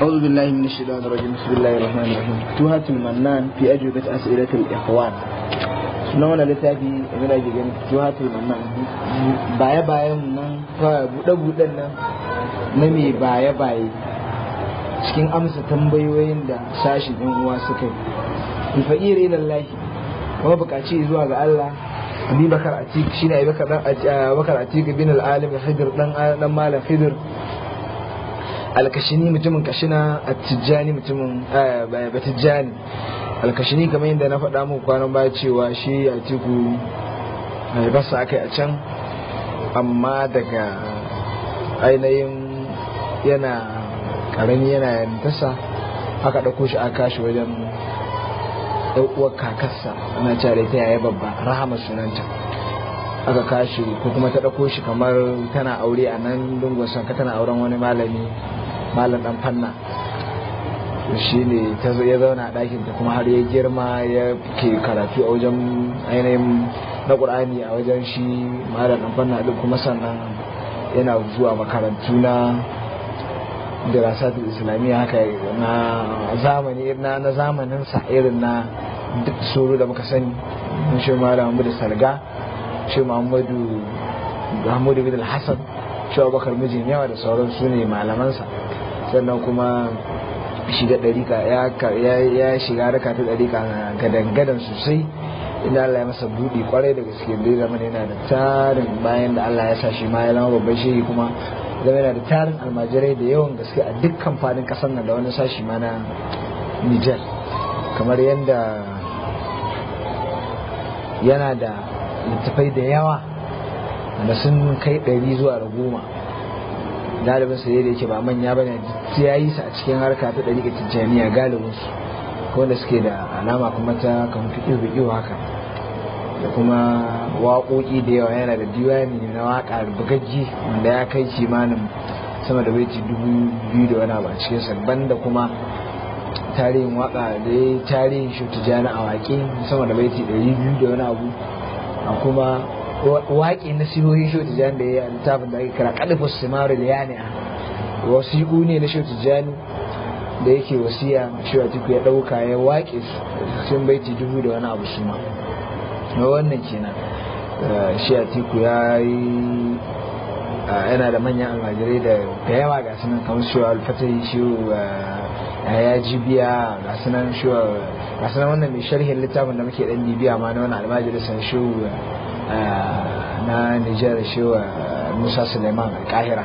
أعوذ بالله من الشيطان الرجيم بسم الله الرحمن الرحيم توهة المنان في أجوبة أسئلة الإخوان suna wani littafi game da jirgin tuhatul nan. baya-bayan nan fara buɗe buɗe nan na mai baya-baye cikin amsa tambayoyin da sashi ɗan uwa suka yi fa'ire lallahi kuma bukaci zuwa ga Allah Abi Bakar shi ne Abi Bakar Atik bin al-Alim Khidir ɗan Malam Khidir alkashini mutumin kashina Tijjani mutumin eh, tijjani alkashini kamar yadda na faɗa muku kwanan baya cewa shi a tiku albasa eh, aka yi a can amma daga ainihin yana ƙarami yana yantasa aka ɗauko shi aka kashi wajen uwar kakarsa na cire ta yaya babba rahama sunanta aka kashi ko kuma ta ɗauko shi kamar tana aure a nan dungon sanka tana auren wani malami malam dan fanna shi ne ta ya zauna a ɗakin ta kuma har ya girma ya ke karatu a wajen ainihin na ƙur'ani a wajen shi malam dan fanna ɗin kuma sannan yana zuwa makarantu na dirasatul islamiyya haka na zamani na na zamanin sa irin na duk soro da muka sani shi malam da Salga shi Muhammadu Muhammadu bin Hassan shi Abubakar mijin yawa da sauran su ne malamansa sannan kuma shiga ɗarika ya shiga harka ta ɗarika gadangadan sosai inda Allah ya masa buɗi kwarai da gaske da zama yana da tarin bayan da Allah ya sa shi ma ya zama babban shehi kuma zama yana da tarin almajirai da yawan gaske a dukkan fadin ƙasar nan da wani sashi ma na Nijar kamar yadda yana da littafai da yawa da sun kai ɗari zuwa da goma galibin su da yake ba manya ba ne ya yi su a cikin harka ta ɗari tijjaniya galibin su wanda suke da alama kuma ta kan fiƙi fiƙi haka da kuma waƙoƙi da yawa yana da diwani na waƙa bugaggi wanda ya kai kimanin sama da baiti dubu biyu da wani abu a cikin sa da kuma tarihin waƙa da ya tarihin shi tijjani a waƙe sama da baiti ɗari biyu da wani abu a kuma waƙi na sihohin shoti tijjani da ya yi a littafin da ake kira kalifus simaru da wasu wasiƙu ne na shoti tijjani da yake wasiya cewa tuku ya ɗauka ya waƙe sun baiti dubu da wani abu suma na wannan kenan eh, shi a tuku ya yi eh, yana da manyan almajirai da yawa ga sunan kamar cewa alfatai a eh, ya biya ga sunan shiwa ga sunan wannan mai sharhin littafin da muke dan bibiya ma na wani almajiri sun shehu na Nijar shewa Musa Suleiman Alkahira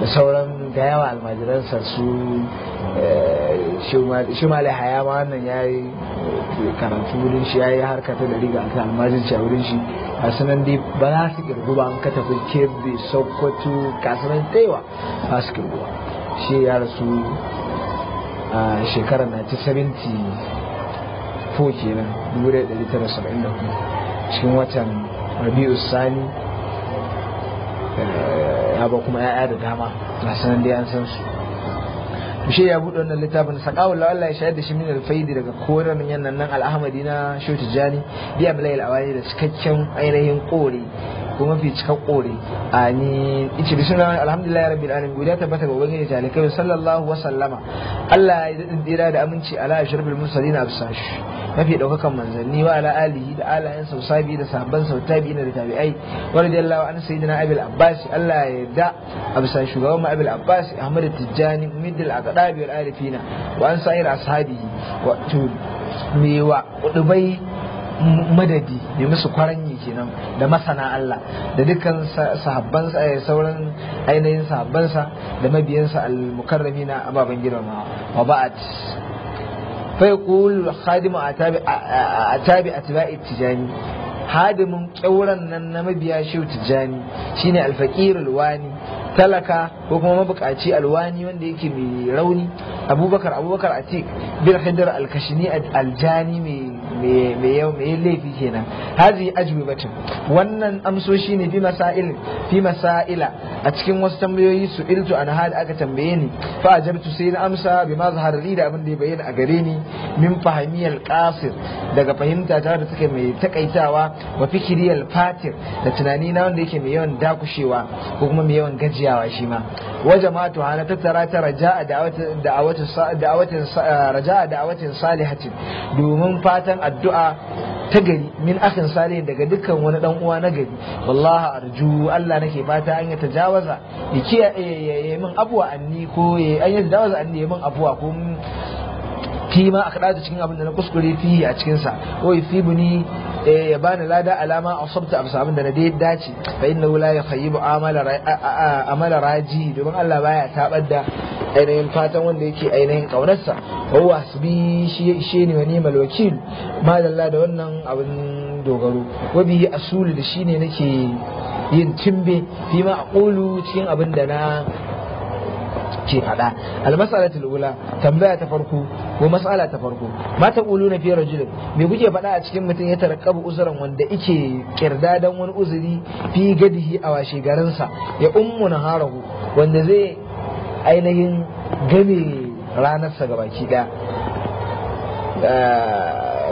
da sauran da yawa almajiransa su eh, shi haya ma wannan ya yi eh, karatu wurin shi ya yi harka ta da riga ta almajin a wurin shi a sanan dai ba za su kirgu ba ka tafi kebbi sokoto kasuwan taiwa ba su kirgu ba shi ya rasu a shekarar 1974 kenan 1974 cikin watan rabi'u sani eh, ya ba kuma ya'ya da dama na sanan dai an san su bushe ya buɗe wannan littafin saqawul Allah ya shayar da shi min alfaidi daga koran yannan nan al-ahmadi na shotijani biya amlayil awani da cikakken ainihin kore kuma fi cika kore amin ice bismillah alhamdulillah rabbil alamin guda tabbata ga ubangiji talikai sallallahu wasallama Allah ya daɗin dira da aminci ala ashrabil mursalin absash mafi ɗaukakan manzanni wa ala alihi da alayan sausabi da sahabban sautabi da tabi'ai wa radiyallahu an sayyidina abil abbas Allah ya da absash shugaban mu abil abbas ahmad tijjani middal aqdabi wal arifina wa an sa'ir ashabihi wa tu mewa kudubai madadi mai musu kwaranyi kenan da masana Allah da dukkan sahabban eh, sauran ainihin sahabbansa da mabiyansa al-mukarrami na ababen girma wa ba'at fa yaqul khadimu atabi atabi atba'i tijani hadimin kyauran nan na mabiya shehu tijani shine alfaqir alwani talaka ko kuma mabukaci alwani wanda yake mai rauni abubakar abubakar atik bil khidr alkashini aljani mai me yau me laifi kenan hazi ajwibatun wannan amsoshi ne fi masail fi masaila a cikin wasu tambayoyi su iltu an hal aka tambaye ni fa ajabtu sai na amsa bi ma zaharri da abin da ya bayyana a gare ni min fahimiyal qasir daga fahimta ta da take mai takaitawa wa fikriyal fatir da tunani na wanda yake mai yawan dakushewa ko kuma mai yawan gajiyawa shi ma wa jama'atu hala tattara ta raja'a da da'awatin raja'a da'awatin salihatin domin fatan addu'a ta gari min akhin salihin daga dukkan wani dan uwa na gari wallahi arju Allah nake fata an ya tajawaza ya kiyaye min abuwa anni ko an ya tajawaza anni ya min abuwa ko fi ma aka dace cikin abin da na kuskure fi a cikin sa ko buni eh, ya bani lada alama a sabta abu sabin da na dai dace fa inna la yakhayyibu amala amala raji domin Allah baya tabar da ainihin fatan wanda yake ainihin kaunarsa wa huwa hasbi shi ne wani malwakil madalla da wannan abin dogaro wa bihi asulu da ne nake yin timbe fi ma aqulu cikin abin da na ke faɗa almasalatul ula tambaya ta farko ko mas'ala ta farko ma ta kulu na fi rajulin me kuke faɗa a cikin mutum ya tarkaba uzuran wanda ike kirda dan wani uzuri fi gadihi a washe garinsa ya ummu harahu wanda zai ainihin game ranarsa gabaki daya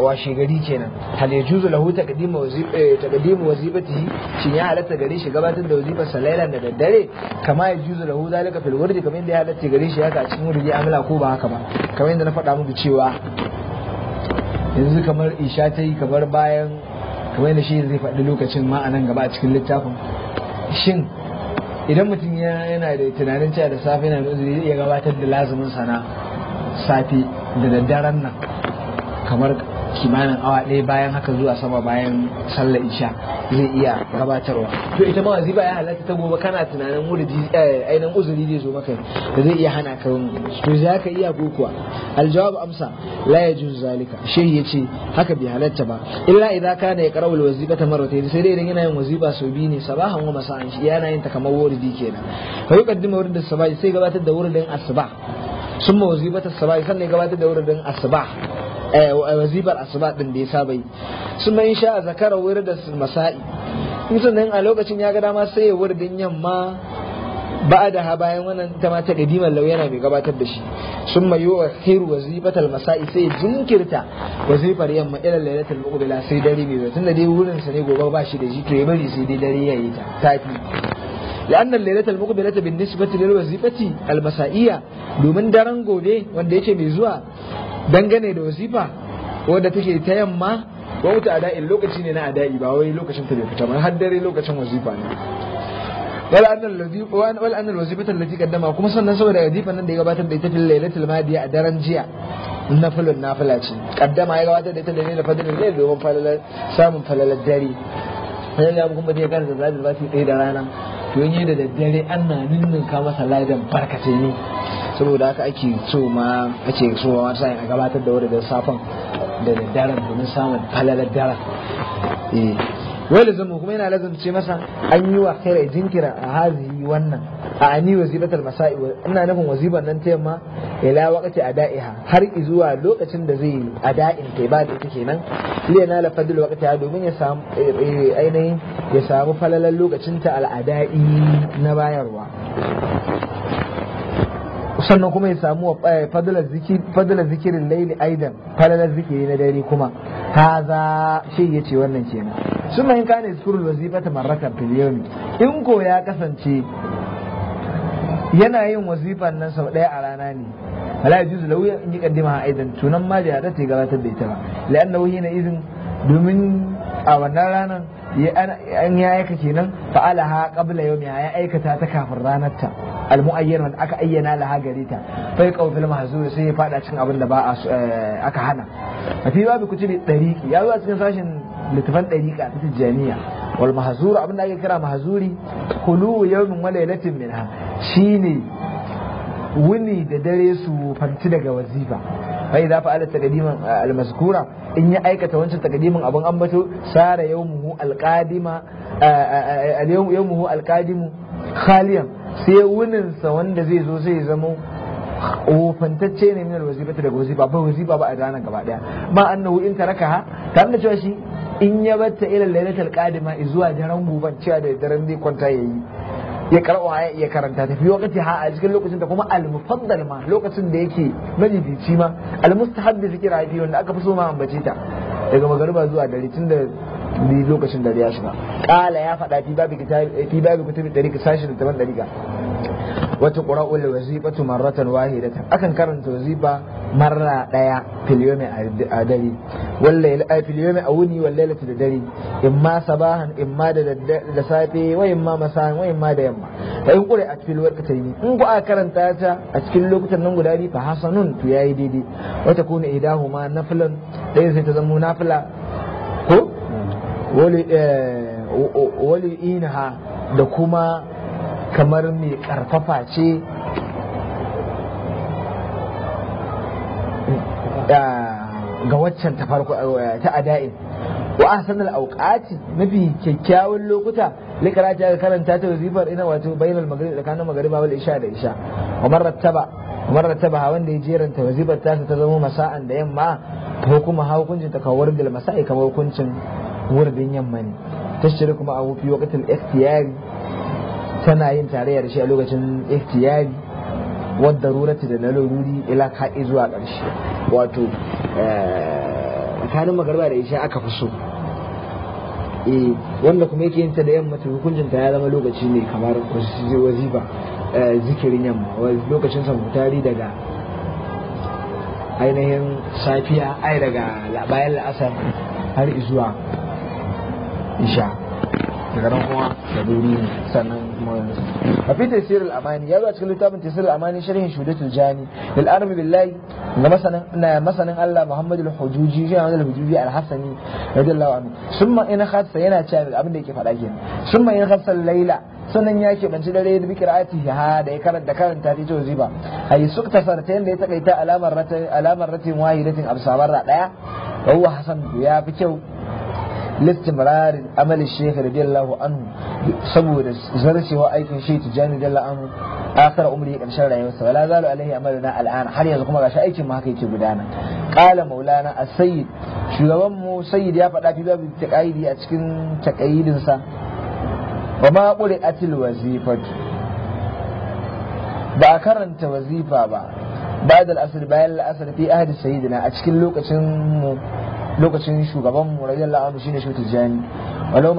washe gari kenan hal ya juzu lahu eh, taqdimu wazifatihi shin ya halatta gare shi gabatar da wazifar sa da daddare kama ya juzu lahu zalika fil wurdi kamar inda ya halatta gare shi haka a cikin wurdi amala ko ba haka ba kamar inda na faɗa muku cewa yanzu kamar isha ta yi kamar bayan kamar inda shi zai faɗi lokacin ma a nan gaba a cikin littafin shin idan mutum yana da tunanin cewa da safe yana zai iya gabatar da lazumin sana safe da daddaren nan kamar kimanin awa ɗaya bayan haka zuwa sama bayan sallar isha zai iya gabatarwa to ita ma waziba ya halatta ta gobe kana tunanin muridi eh, ainihin uzuri zai zo maka da zai iya hana ka to za ka iya ko kuwa aljawabu amsa la yajuz zalika shehi ce haka bai halatta ba illa idza kana yaqra'u ta yadda sai dai idan yana yin waziba sau biyu ne sabahan wa masa'an shi yana yin ta kamar wuridi kenan ka wurin wuridin sabahi sai gabatar da wuridin asuba summa wazibata sabahi sannan gabatar da wuridin asuba Eh, wazibar asuba ɗin da ya saba yi sun in sha zakara wuri da masa'i mutum a lokacin ya ga dama sai ya wurin yamma ba'a da bayan wannan ta ma ta gadimar lauyana mai gabatar da shi sun mai yiwa hiru wazifatal masa'i sai jinkirta wazifar yamma ila lailatul muqbila sai dare mai tunda dai wurin ne gobe ba shi da shi to ya bari sai dai dare yayi ta tafi لأن الليلة المقبلة بالنسبة للوظيفة المسائية domin daren gobe wanda yake mai zuwa dangane da wasifa wadda take ta yamma ba wuta da'in lokaci ne na a da'i ba wai lokacin ta bai fita ba har dare lokacin wasifa ne wal annal wazifa wal annal qaddama kuma sannan saboda wazifa nan da ya gabatar da ita fil lailatul madiya a daren jiya nafilun nafila ce qaddama ya gabatar da ita da ne da fadlin lail domin falalar samun falalar dare sai ya kuma ya da zabi ba sai da rana to yi da daddare ana ninninka masa ladan barkatai ne saboda haka ake so ma ake so ma sa a gabatar da wadda safon safan da daddaren domin samun falalar daren eh, wai mu kuma yana lazance masa an yi wa kaira jinkira a hazi wannan a ani wazibatar masa'i ina nufin wazibar nan ta yamma ila a da'iha har zuwa lokacin da zai a da'in ta ba da ita kenan liya na lafadar fadl domin ya samu eh, eh, ainihin ya samu falalan lokacin ta al'ada'i na bayarwa sannan kuma ya samu eh, fadalar zikirin laili aidan fadalar zikiri na dare kuma za shi ya ce wannan kenan sun mahin kane zikurul wazifata marratan filiyomi in ko ya kasance yana yin wazifan nan sau ɗaya a rana ne ala ya juzu lauya in yi kaddima aidan tunan ma da ya ta gabatar da ita ba la'annahu na izin domin a wannan ranar an ya aika kenan fa'ala ha qabla yawmi ya aikata ta kafin ranar ta almu'ayyar aka ayyana laha gare ta fai fil mahzur sai ya fada cikin abin da ba eh, aka hana a fi babu bi dariqi ya zuwa cikin sashin litafan dariqa ta tijaniya wal mahzur abin da ake kira mahzuri kulu yawmin wa laylatin minha shine wuni da dare su fanti daga wazifa fa idza fa'ala taqdiman al in ya aikata wancan taqdimin abun ambato sara yawmuhu al-qadima al-yawmuhu al khaliyan sai wunin sa wanda zai zo sai zama wofantacce ne min alwazifati daga wazifa ba wazifa ba a ranar gaba daya ma annahu in ha, tare da cewa shi in ya batta ila lailatul qadima zuwa daren guban cewa da daren zai kwanta yayi ya karwa ya karanta ta fi wakati ha a cikin lokacin da kuma al ma lokacin da yake majibici ma al-mustahab da zikira ya fi wanda aka fi so ma ambace ta daga magariba zuwa dare tun da ni lokacin da ya shiga kala ya faɗa fi babu fi babu ka dariƙa sashi da taban ka. wata qura'ul wazifatu marratan wahidatan akan karanta wazifa marra daya fil yawmi a dare wallai a fili yau a wuni wallai lati da dare in ma sabahan in ma da safe wayan ma masahan wayan ma da yamma ta yi kure a filiwar kacari in ku a karanta ta a cikin lokutan nan guda ne ta hasanun tu ya yi daidai wata kuna ida hu ma na filin daya sai ta zammu na fila ko? wali eh, ina da kuma kamar mai karfafa ce eh, ga waccan ta farko eh, ta ada'in wa al awqati mafi kyakkyawan lokuta likara ta karanta ta wazifar ina wato bainal maghrib tsakanin magriba wal isha da isha wa marrattaba marrattaba wanda ya jeranta wazifar ta ta zama masa'an da yamma ko kuma hukuncin ta kawar da masa'i kamar hukuncin wurdin yamma ne tashiri kuma a wufi waqtil ikhtiyari tana yin tarayya shi a lokacin ikhtiyari wadda rurata da na laruri ila ka'i zuwa ƙarshe wato tsakanin magarba da isha aka fi so wanda kuma yake yinta da yamma ta hukuncinta ya zama lokaci ne kamar wazifa zikirin yamma lokacin samutari daga ainihin safiya ai daga bayan la'asar har zuwa isha daga nan kuma da ne sannan kuma a fi tafsir al-amani ya zo a cikin littafin tafsir al-amani sharhin shudatul jani lil arabi billahi masanin na masanin Allah Muhammad al-Hujuji shi Muhammad al-Hujuji al-Hassani radiyallahu anhu summa in khassa yana cewa abin da yake faɗa kenan summa in khassa al-laila sannan ya ke banci dare da bikira ati ha da ya karanta karanta ta jiwa ziba a yi sukta sarta yadda ya takaita alamar ratin wahidatin absabarra daya wa hasan ya fi kyau listimrarin amalin shekh radiyallahu anhu saboda zarcewa aikin shi tijani dalla anhu akhir umri karshen rayuwarsa wala zalu alaihi amaluna al'ana har yanzu kuma gashi aikin ma haka yake gudana qala maulana as-sayyid shugaban mu sayyid ya faɗa fi babu taqayidi a cikin taqayidin sa wa ma quri'atil wazifatu ba a karanta wazifa ba ba da al'asar bayan al'asar fi ahadi sayyidina a cikin lokacin mu lokacin shugaban mu radiyallahu anhu shine shutu jani walau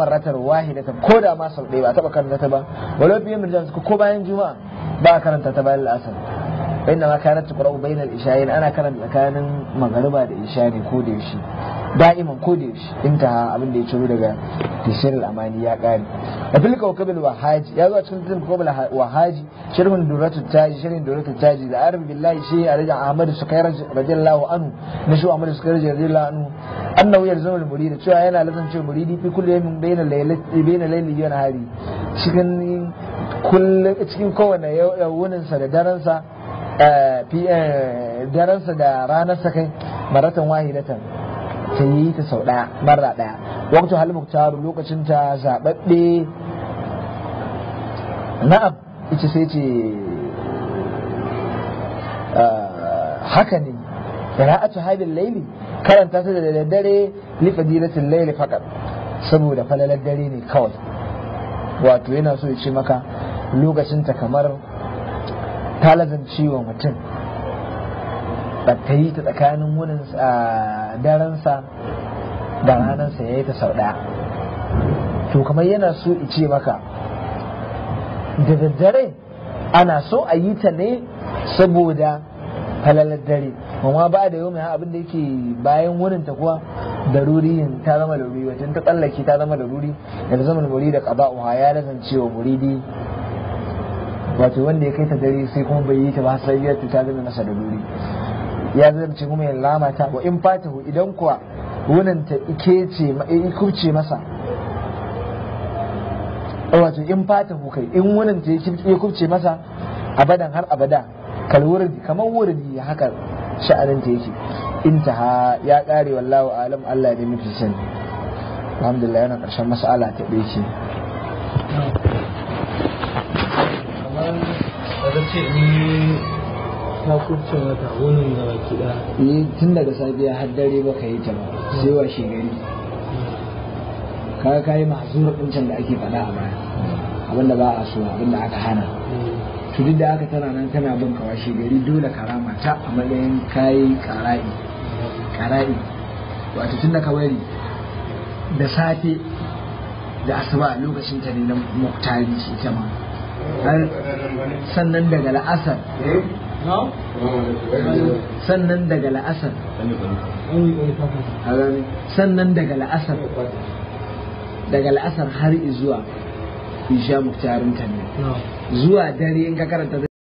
wahida ta ko da ma sau ɗaya ba taba karanta ta ba walau biyan mirjan ko bayan juma'a ba karanta ta bayan al'asar inna ma kanat tuqra'u bainar isha'in ana karanta tsakanin magariba da isha ne ko da yaushe da'iman ko da yaushe inta abin da ya ciro daga tishirin amani ya kare a filka wakabil wahaji ya zo a cikin filka wakabil wahaji shirin duratu taji shirin duratu taji da arabi billahi shi a rajin kai rajin lawo anu na shi anu an na wuyar zama da muri da cewa yana lazancewa muridi fi kulli yawmin bayna bayyana bayna layli na hari cikin kullum cikin kowane yawuninsa da daransa eh, eh, daransa da ranarsa kai maratan wahidatan ta yi ta sau ɗaya mara ɗaya waktu hal muktaru lokacin ta zaɓaɓɓe na'am ita sai ce ah, haka ne qira'atu hadil laili? karanta ta da daddare li laili layli saboda falalar dare ne kawai wato yana so ya ce maka lokacin ta kamar talazan ciwon mutum yi ta tsakanin wurin daransa da ranarsa ya yi ta sau ɗaya to kamar yana so in ce maka da daddare ana so a yi ta ne saboda halalar dare amma ba da yau mai abin da yake bayan wurin ta kuwa yin ta zama daruri wajen ta tsallake ta zama daruri da zama muri da qada'uha ya lazance wa muridi wato wanda ya kai ta dare sai kuma bai yi ta ba sai ya ta zama masa daruri ya zarce kuma ya lamata wa in fatahu idan kuwa wunin ta ikece eh, masa wato in fatahu kai in wunin ta ya kubce masa abadan har abada kal wurdi kamar wurdi haka sha'anin ta yake intaha ya kare wallahu alam Allah ya mafi sani alhamdulillah yana karshen mas'ala ta ɗaya ce kamar da ce ta kubce mata wannan gaba kiɗa ni tun daga safiya har dare ba ka yi ta ba sai wa shi gari ka ka yi mahzura can da ake faɗa a baya abinda ba a so abinda aka hana to duk da aka tana nan tana bin kawa shi gari dole karama ta a matsayin kayi kara'i kara'i wato tun da ka bari da safe da asuba a lokacin ta ne na muktari ita ma sannan daga la'asar sannan daga la'asar sannan daga la'asar daga la'asar har zuwa isha muktarin ne zuwa dare in ka karanta